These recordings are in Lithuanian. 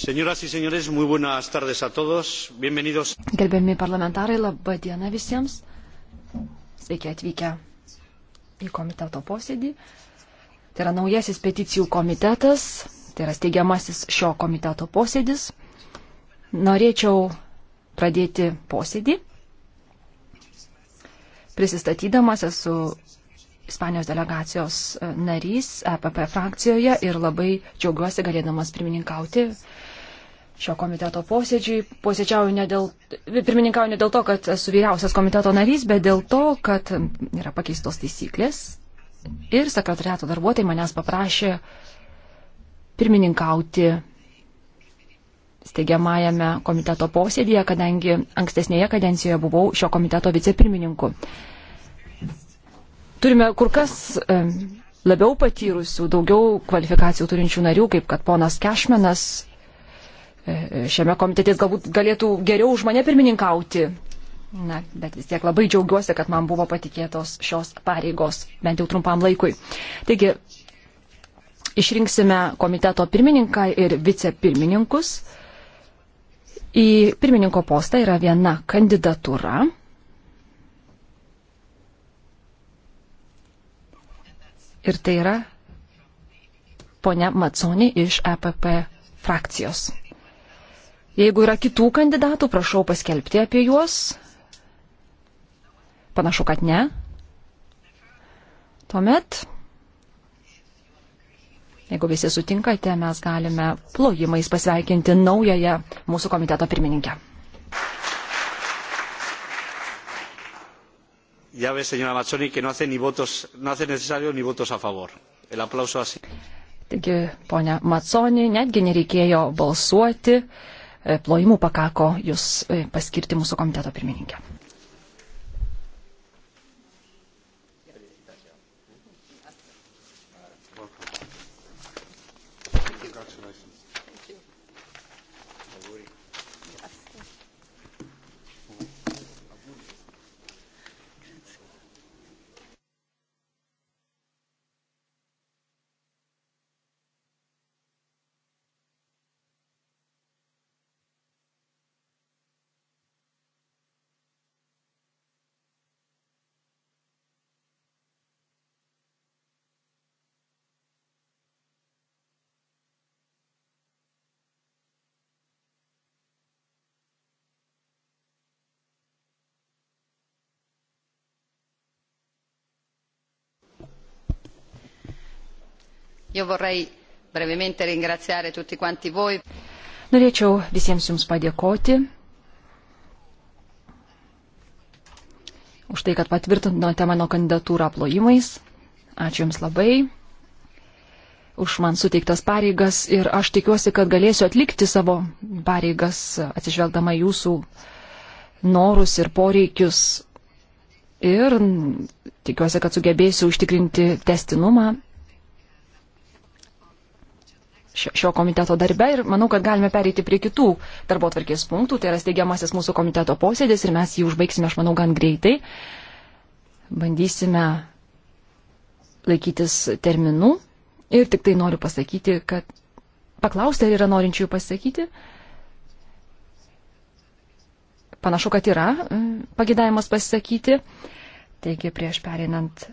Señoras y señores, muy buenas tardes a todos. Bienvenidos. Gerbiami parlamentarai, laba diena visiems. Sveiki atvykę į komiteto posėdį. Tai yra naujasis peticijų komitetas, tai yra steigiamasis šio komiteto posėdis. Norėčiau pradėti posėdį. Prisistatydamas esu Ispanijos delegacijos narys EPP frakcijoje ir labai džiaugiuosi galėdamas pirmininkauti šio komiteto posėdžiui. Posėdžiauju ne dėl, pirmininkauju ne dėl to, kad esu vyriausias komiteto narys, bet dėl to, kad yra pakeistos taisyklės. Ir sekretariato darbuotojai manęs paprašė pirmininkauti steigiamajame komiteto posėdėje, kadangi ankstesnėje kadencijoje buvau šio komiteto vicepirmininku. Turime kur kas e, labiau patyrusių, daugiau kvalifikacijų turinčių narių, kaip kad ponas Kešmenas, E, šiame komitete galbūt galėtų geriau už mane pirmininkauti. Na, bet vis tiek labai džiaugiuosi, kad man buvo patikėtos šios pareigos, bent jau trumpam laikui. Taigi, išrinksime komiteto pirmininką ir vicepirmininkus. Į pirmininko postą yra viena kandidatūra. Ir tai yra ponia Maconi iš EPP frakcijos. Jeigu yra kitų kandidatų, prašau paskelbti apie juos. Panašu, kad ne. Tuomet, jeigu visi sutinkate, mes galime plojimais pasveikinti naująją mūsų komiteto pirmininkę. Ya ve, señora Mazzoni, que no hace, ni votos, no hace necesario ni votos a favor. El aplauso así. Taigi, ponia Mazzoni, netgi nereikėjo balsuoti. Uh, plojimų pakako jūs e, paskirti mūsų komiteto pirmininkę. Io vorrei brevemente ringraziare tutti quanti voi. Norėčiau visiems Jums padėkoti už tai, kad patvirtinote mano kandidatūrą plojimais. Ačiū Jums labai už man suteiktas pareigas ir aš tikiuosi, kad galėsiu atlikti savo pareigas atsižvelgdama Jūsų norus ir poreikius. Ir tikiuosi, kad sugebėsiu užtikrinti testinumą šio komiteto darbe ir manau, kad galime pereiti prie kitų darbo tvarkės punktų. Tai yra steigiamasis mūsų komiteto posėdis ir mes jį užbaigsime, aš manau, gan greitai. Bandysime laikytis terminų ir tik tai noriu pasakyti, kad paklausti, ar yra norinčių pasakyti. Panašu, kad yra e, pagėdavimas pasisakyti. Taigi prieš perinant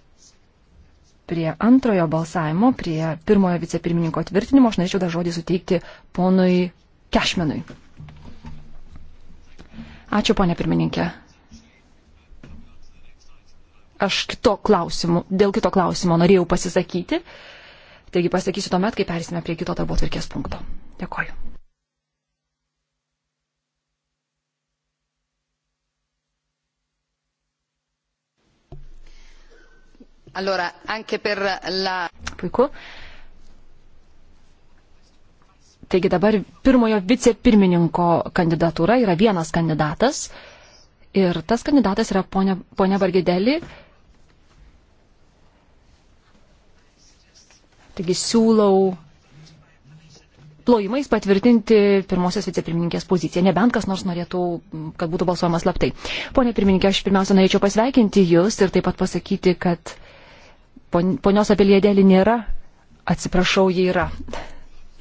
prie antrojo balsavimo, prie pirmojo vicepirmininko tvirtinimo, aš norėčiau dar žodį suteikti ponui Kešmenui. Ačiū, ponė pirmininkė. Aš kito klausimu, dėl kito klausimo norėjau pasisakyti, taigi pasakysiu tuomet, kai persime prie kito darbo tvarkės punkto. Dėkoju. Allora, anche per la... Puiku. Taigi dabar pirmojo vicepirmininko kandidatūra yra vienas kandidatas ir tas kandidatas yra ponia, ponia Bargideli. Taigi siūlau plojimais patvirtinti pirmosios vicepirmininkės poziciją, nebent kas nors norėtų, kad būtų balsuojamas laptai. Pone pirmininkė, aš pirmiausia norėčiau pasveikinti Jūs ir taip pat pasakyti, kad ponios apelėdėlį nėra, atsiprašau, ji yra.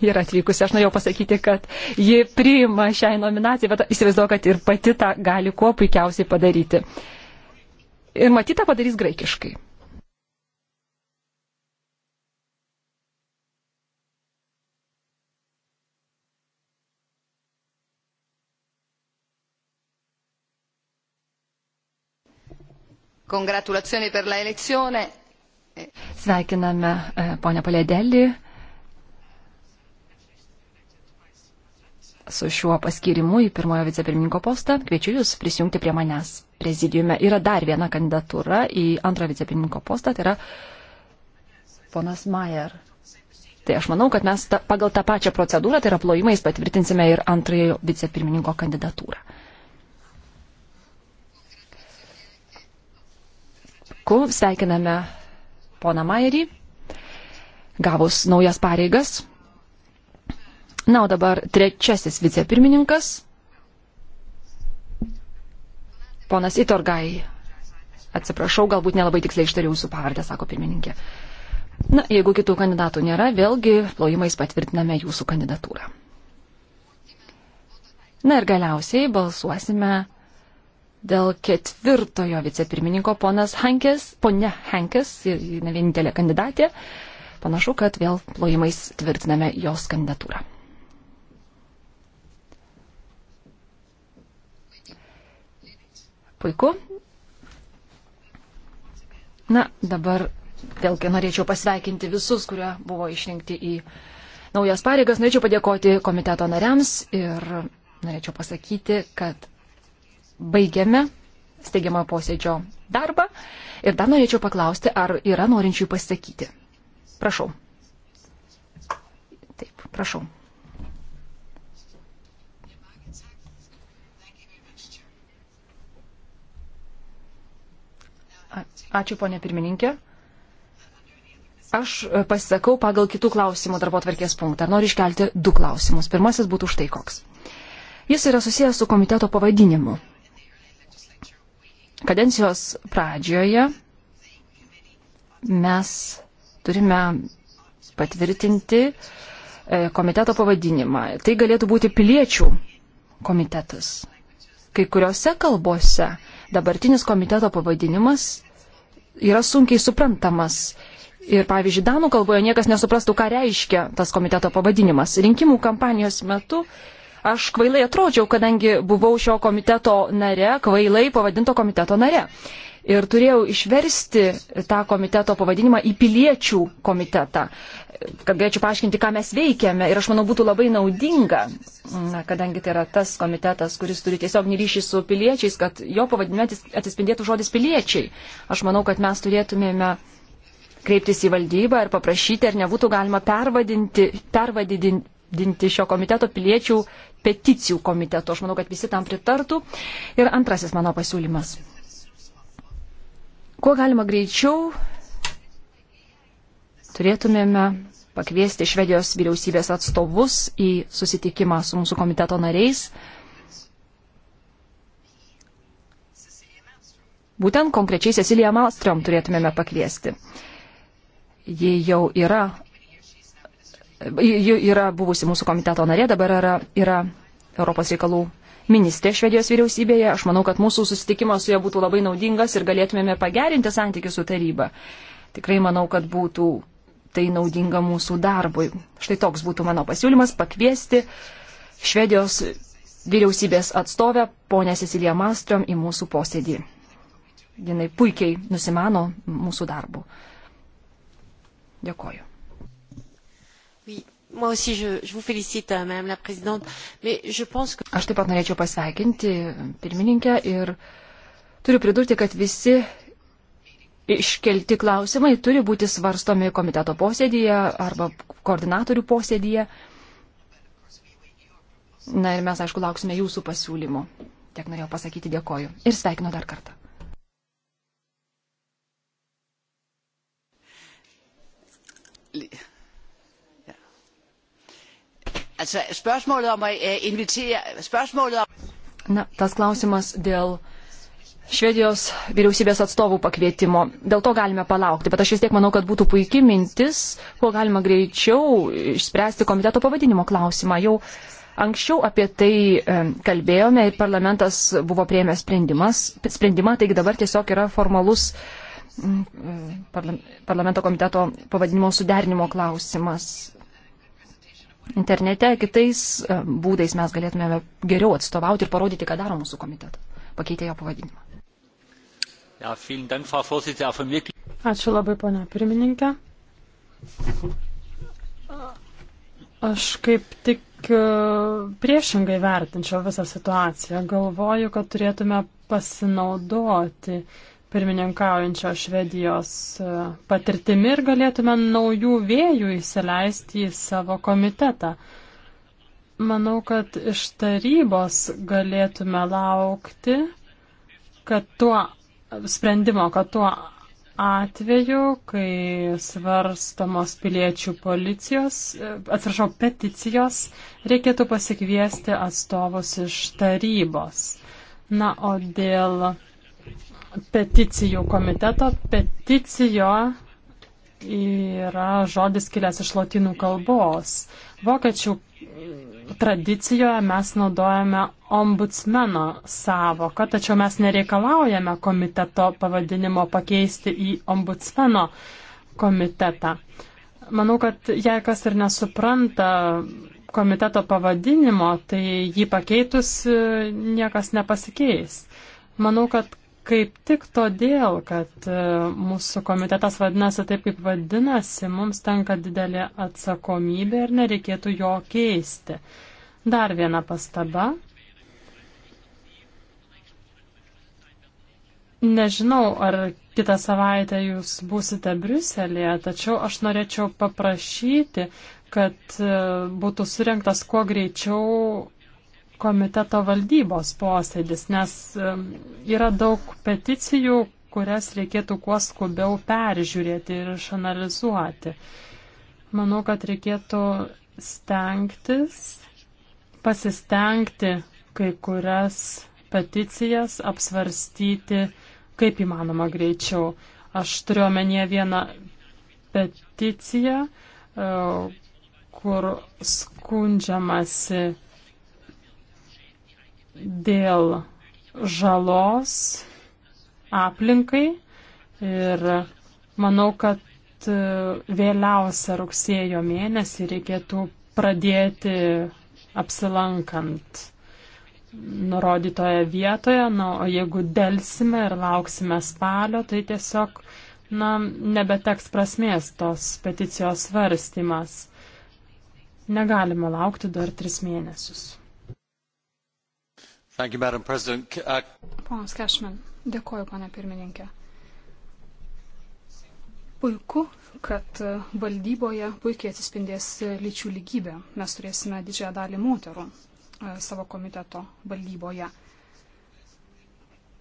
Yra atvykusi, aš norėjau pasakyti, kad ji priima šiai nominacijai, bet įsivaizduoju, kad ir pati tą gali kuo puikiausiai padaryti. Ir matytą padarys graikiškai. Congratulazioni per la elezione. Sveikiname e, ponę Palėdelį su šiuo paskirimu į pirmojo vicepirmininko postą. Kviečiu Jūs prisijungti prie manęs. Prezidiume yra dar viena kandidatūra į antrą vicepirmininko postą, tai yra ponas Mayer. Tai aš manau, kad mes ta, pagal tą pačią procedūrą, tai yra plojimais, patvirtinsime ir antrąjį vicepirmininko kandidatūrą. Ku sveikiname poną Mairį, gavus naujas pareigas. Na, o dabar trečiasis vicepirmininkas, ponas Itorgai. Atsiprašau, galbūt nelabai tiksliai ištariau jūsų pavardę, sako pirmininkė. Na, jeigu kitų kandidatų nėra, vėlgi plojimais patvirtiname jūsų kandidatūrą. Na ir galiausiai balsuosime dėl ketvirtojo vicepirmininko ponas Hankės, ponė Hankės, ne vienintelė kandidatė. Panašu, kad vėl plojimais tvirtiname jos kandidatūrą. Puiku. Na, dabar vėlgi norėčiau pasveikinti visus, kurie buvo išrinkti į naujas pareigas. Norėčiau padėkoti komiteto nariams ir norėčiau pasakyti, kad baigiame steigiamojo posėdžio darbą. Ir dar norėčiau paklausti, ar yra norinčių pasakyti. Prašau. Taip, prašau. Ačiū, ponė pirmininkė. Aš pasisakau pagal kitų klausimų darbo tvarkės punktą. Noriu iškelti du klausimus. Pirmasis būtų štai koks. Jis yra susijęs su komiteto pavadinimu. Kadencijos pradžioje mes turime patvirtinti e, komiteto pavadinimą. Tai galėtų būti piliečių komitetas. Kai kuriuose kalbose dabartinis komiteto pavadinimas yra sunkiai suprantamas. Ir pavyzdžiui, Danų kalboje niekas nesuprastų, ką reiškia tas komiteto pavadinimas. Rinkimų kampanijos metu aš kvailai atrodžiau, kadangi buvau šio komiteto nare, kvailai pavadinto komiteto nare. Ir turėjau išversti tą komiteto pavadinimą į piliečių komitetą, kad galėčiau paaiškinti, ką mes veikiame. Ir aš manau, būtų labai naudinga, na, kadangi tai yra tas komitetas, kuris turi tiesiog ryšį su piliečiais, kad jo pavadinime atsispindėtų žodis piliečiai. Aš manau, kad mes turėtumėme kreiptis į valdybą ir paprašyti, ar nebūtų galima pervadinti, pervadinti, padidinti šio komiteto piliečių peticijų komiteto. Aš manau, kad visi tam pritartų. Ir antrasis mano pasiūlymas. Kuo galima greičiau turėtumėme pakviesti Švedijos vyriausybės atstovus į susitikimą su mūsų komiteto nariais. Būtent konkrečiai Ceciliją Malstrom turėtumėme pakviesti. Ji jau yra ji yra buvusi mūsų komiteto narė, dabar yra, yra Europos reikalų ministrė Švedijos vyriausybėje. Aš manau, kad mūsų susitikimas su ja būtų labai naudingas ir galėtumėme pagerinti santykių su taryba. Tikrai manau, kad būtų tai naudinga mūsų darbui. Štai toks būtų mano pasiūlymas pakviesti Švedijos vyriausybės atstovę ponę Ceciliją Mastrom į mūsų posėdį. Jinai puikiai nusimano mūsų darbų. Dėkoju. Oui. Moi aussi, je, je vous félicite, euh, Madame la Présidente, mais je pense, kad... Aš taip pat norėčiau pasveikinti euh, pirmininkę ir turiu pridurti, kad visi iškelti klausimai turi būti svarstomi komiteto posėdėje arba koordinatorių posėdėje. Na ir mes, aišku, lauksime jūsų pasiūlymų. Tiek norėjau pasakyti dėkoju. Ir sveikinu dar kartą. Altså, spørgsmålet om at øh, invitere... Spørgsmålet om... Na, tas klausimas dėl Švedijos vyriausybės atstovų pakvietimo. Dėl to galime palaukti, bet aš vis tiek manau, kad būtų puikiai mintis, kuo galima greičiau išspręsti komiteto pavadinimo klausimą. Jau anksčiau apie tai e, kalbėjome ir parlamentas buvo prieimęs sprendimą, taigi dabar tiesiog yra formalus mm, e, parlamento komiteto pavadinimo suderinimo klausimas internete, kitais e, būdais mes galėtume geriau atstovauti ir parodyti, ką daro mūsų komitetas. Pakeitė jo pavadinimą. Ačiū labai, ponia pirmininkė. Aš kaip tik e, priešingai vertinčiau visą situaciją. Galvoju, kad turėtume pasinaudoti pirmininkaujančio Švedijos e, patirtimi ir galėtume naujų vėjų įsileisti į savo komitetą. Manau, kad iš tarybos galėtume laukti, kad tuo sprendimo, kad tuo atveju, kai svarstamos piliečių policijos, e, atsiprašau, peticijos, reikėtų pasikviesti atstovus iš tarybos. Na, o dėl peticijų komiteto. Peticijo yra žodis kilęs iš lotynų kalbos. Vokiečių tradicijoje mes naudojame ombudsmeno savoką, tačiau mes nereikalaujame komiteto pavadinimo pakeisti į ombudsmeno komitetą. Manau, kad jei kas ir nesupranta komiteto pavadinimo, tai jį pakeitus e, niekas nepasikeis. Manau, kad kaip tik todėl, kad e, mūsų komitetas vadinasi taip, kaip vadinasi, mums tenka didelė atsakomybė ir nereikėtų jo keisti. Dar viena pastaba. Nežinau, ar kitą savaitę jūs būsite Briuselėje, tačiau aš norėčiau paprašyti, kad e, būtų surinktas kuo greičiau komiteto valdybos posėdis, nes yra daug peticijų, kurias reikėtų kuo skubiau peržiūrėti ir išanalizuoti. Manau, kad reikėtų stengtis, pasistengti kai kurias peticijas apsvarstyti kaip įmanoma greičiau. Aš turiu omenyje vieną peticiją, e, kur skundžiamasi dėl žalos aplinkai ir manau, kad e, vėliausia rugsėjo mėnesį reikėtų pradėti apsilankant nurodytoje vietoje, na, o jeigu dėlsime ir lauksime spalio, tai tiesiog, na, nebeteks prasmės tos peticijos svarstymas. Negalime laukti dar tris mėnesius. Uh, Ponas Kešman, dėkoju, pane pirmininkė. Puiku, kad e, valdyboje puikiai atsispindės e, lyčių lygybė. Mes turėsime didžiąją dalį moterų e, savo komiteto valdyboje.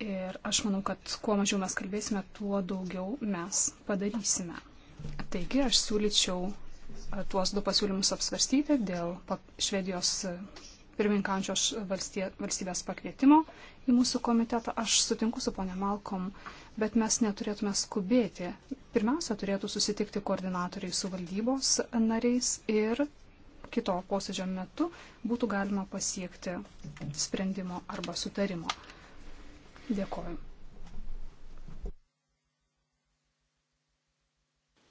Ir aš manau, kad kuo mažiau mes kalbėsime, tuo daugiau mes padarysime. Taigi aš siūlyčiau tuos du pasiūlymus apsvarstyti dėl Švedijos pirminkančios valstybės pakvietimo į mūsų komitetą. Aš sutinku su ponia Malkom, bet mes neturėtume skubėti. Pirmiausia, turėtų susitikti koordinatoriai su valdybos nariais ir kito posėdžio metu būtų galima pasiekti sprendimo arba sutarimo. Dėkoju.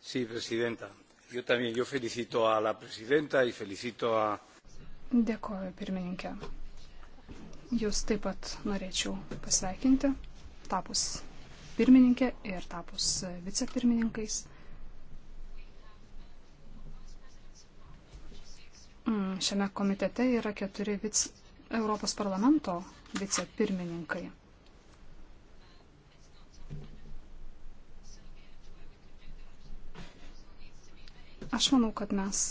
Sí, presidenta. Yo también yo felicito a la presidenta y felicito a Dėkoju, pirmininkė. Jūs taip pat norėčiau pasveikinti, tapus pirmininkė ir tapus vicepirmininkais. Mm, šiame komitete yra keturi vic... Europos parlamento vicepirmininkai. Aš manau, kad mes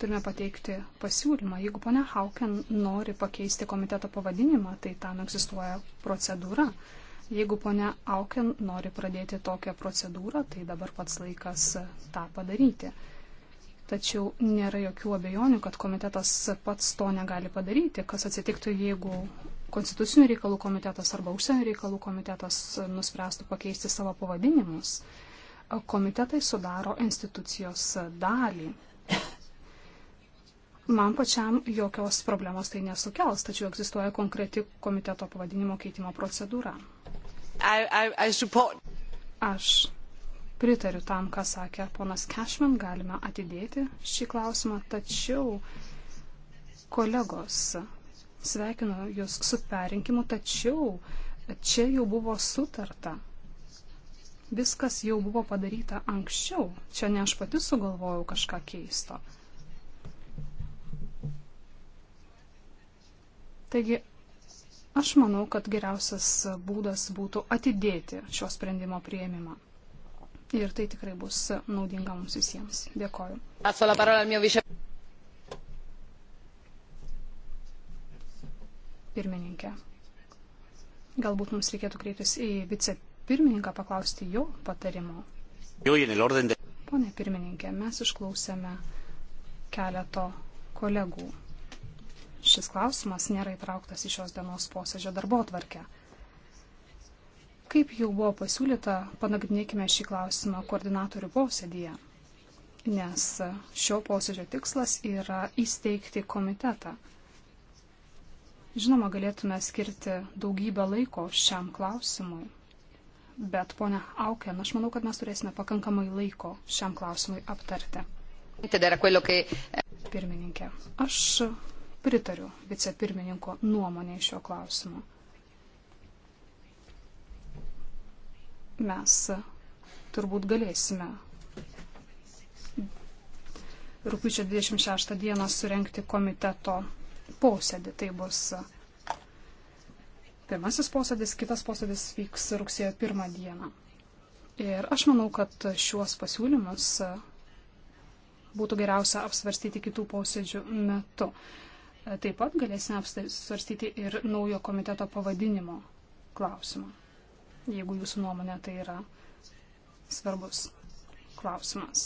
turime pateikti pasiūlymą. Jeigu ponia Hauken nori pakeisti komiteto pavadinimą, tai tam egzistuoja procedūra. Jeigu ponia Hauken nori pradėti tokią procedūrą, tai dabar pats laikas tą padaryti. Tačiau nėra jokių abejonių, kad komitetas pats to negali padaryti. Kas atsitiktų, jeigu Konstitucinių reikalų komitetas arba Užsienio reikalų komitetas nuspręstų pakeisti savo pavadinimus? Komitetai sudaro institucijos dalį man pačiam jokios problemos tai nesukels, tačiau egzistuoja konkreti komiteto pavadinimo keitimo procedūra. I, I, I support... Aš pritariu tam, ką sakė ponas Cashman, galime atidėti šį klausimą, tačiau kolegos, sveikinu Jūs su perinkimu, tačiau čia jau buvo sutarta. Viskas jau buvo padaryta anksčiau, čia ne aš pati sugalvojau kažką keisto. Taigi, aš manau, kad geriausias būdas būtų atidėti šio sprendimo prieimimą. Ir tai tikrai bus naudinga mums visiems. Dėkoju. Pirmininkė. Galbūt mums reikėtų kreiptis į vicepirmininką, paklausti jo patarimo. Pone pirmininkė, mes išklausėme keleto kolegų šis klausimas nėra įtrauktas į šios dienos posėdžio darbo tvarkę. Kaip jau buvo pasiūlyta, panagrinėkime šį klausimą koordinatorių posėdėje, nes šio posėdžio tikslas yra įsteigti komitetą. Žinoma, galėtume skirti daugybę laiko šiam klausimui, bet, ponia Aukien, aš manau, kad mes turėsime pakankamai laiko šiam klausimui aptarti. Pirmininkė, aš Pritariu vicepirmininko nuomonė šio klausimu. Mes turbūt galėsime rūpiučio 26 dieną surenkti komiteto posėdį. Tai bus pirmasis posėdis, kitas posėdis vyks rugsėjo 1 dieną. Ir aš manau, kad šiuos pasiūlymus būtų geriausia apsvarstyti kitų posėdžių metu. Taip pat galėsime apsvarstyti ir naujo komiteto pavadinimo klausimą, jeigu jūsų nuomonė tai yra svarbus klausimas.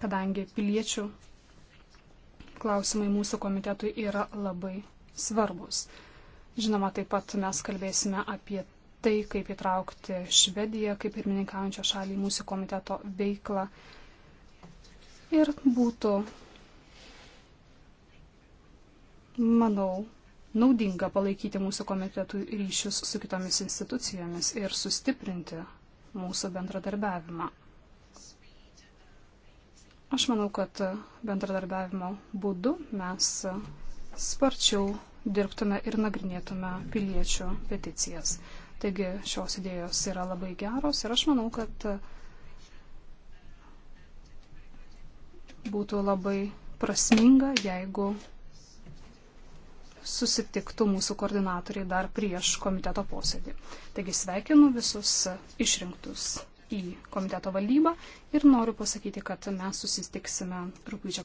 Kadangi piliečių klausimai mūsų komitetui yra labai svarbus. Žinoma, taip pat mes kalbėsime apie tai, kaip įtraukti Švediją kaip pirmininkaujančią šalį į mūsų komiteto veiklą. Ir būtų manau, naudinga palaikyti mūsų komitetų ryšius su kitomis institucijomis ir sustiprinti mūsų bendradarbiavimą. Aš manau, kad bendradarbiavimo būdu mes sparčiau dirbtume ir nagrinėtume piliečių peticijas. Taigi šios idėjos yra labai geros ir aš manau, kad būtų labai prasminga, jeigu susitiktų mūsų koordinatoriai dar prieš komiteto posėdį. Taigi sveikinu visus išrinktus į komiteto valdybą ir noriu pasakyti, kad mes susitiksime rūpiučio.